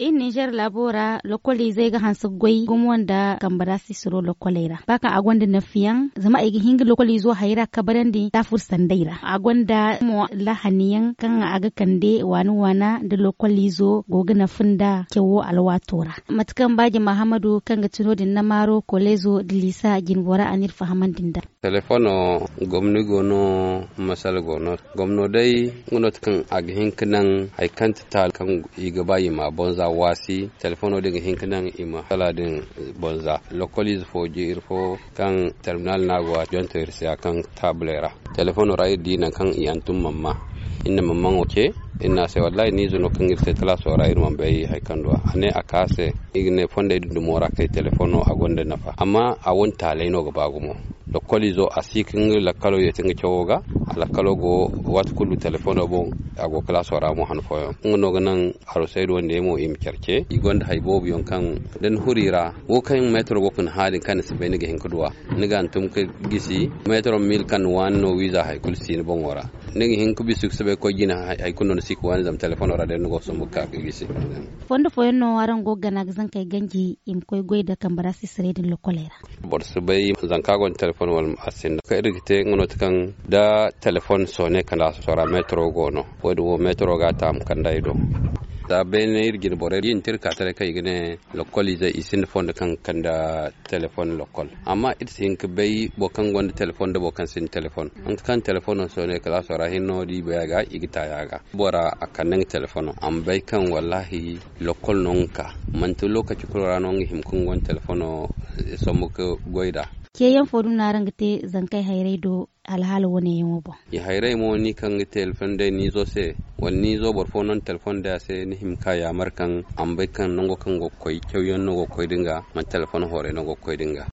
in Niger labora lokoli zai ga hansu gwai gumwan wanda kambara si suro ra baka agwanda na fiyan zama igi hingi lokoli zo haira kabaran di ta fursan daira agwanda mo lahaniyan kan aga kande wani wana da lokoli zo goga na funda kewo alwatora matukan baji Muhammadu kan ga tuno din na maro kolezo dilisa ginbora anir fahaman dindar telefono gomni gono masal gono gomno dai ngunot kan agi hinki nan haikanta kan iga bayi ma bonza wasi telefono din ma. ima saladin bonza lokolis fo jir fo kan terminal nagwa jonto irsia kan tablera telefono rai dina kan i antum mamma inna mamma oke ina se wallahi ni zuno kan irse tala so irin man bai hay do ane akase igne fonde dudu mora kai telefono agonde nafa amma awon talai no gaba bagumo lo kolizo a sikin lakalo ya tinga cewoga a lakalo go wat kullu telefono bon a go kala sora mo han foyo ngono ganan aro saido wonde mo im kerke i gonda hay bobu yon kan den hurira wo kan metro go kun halin kan se benige hen kudwa nigan tum ke gisi metro mil kan wan no visa hay kul sin bon wora nigi hinku kubi suk sebe ko gina hay kunno no siku wani zam telefono ra den go so mo ka gisi fondo foyo no waran go ganak zan kai ganji im koy goyda da kambara sisredin lo kolera bor sebe zan ka gon telefono telefon wal asin ka irgite ngono kan da telefon sone kala sora metro gono wodi wo metro ga tam kan daido da ben irgin bore yin tirka tare kai gine lokol ize isin fon da kan kan da telefon lokol amma it sin ka bo kan gonda telefon da bo kan sin telefon an kan telefon so ne kala so rahin no di baya ga igita ya ga bora akan akanin telefon an bai kan wallahi lokol nonka man to lokaci kulra non him kun gon telefon so mu muka goida ke yan forum na ran gite zan kai haire do alhala wani yin bo i haire mo ni kan gite telefon da ni zo se wani ni zo bor fonon telefon da se ni him ya markan an bai kan nongo kan go kyau yan no koi dinga man telefon hore no dinga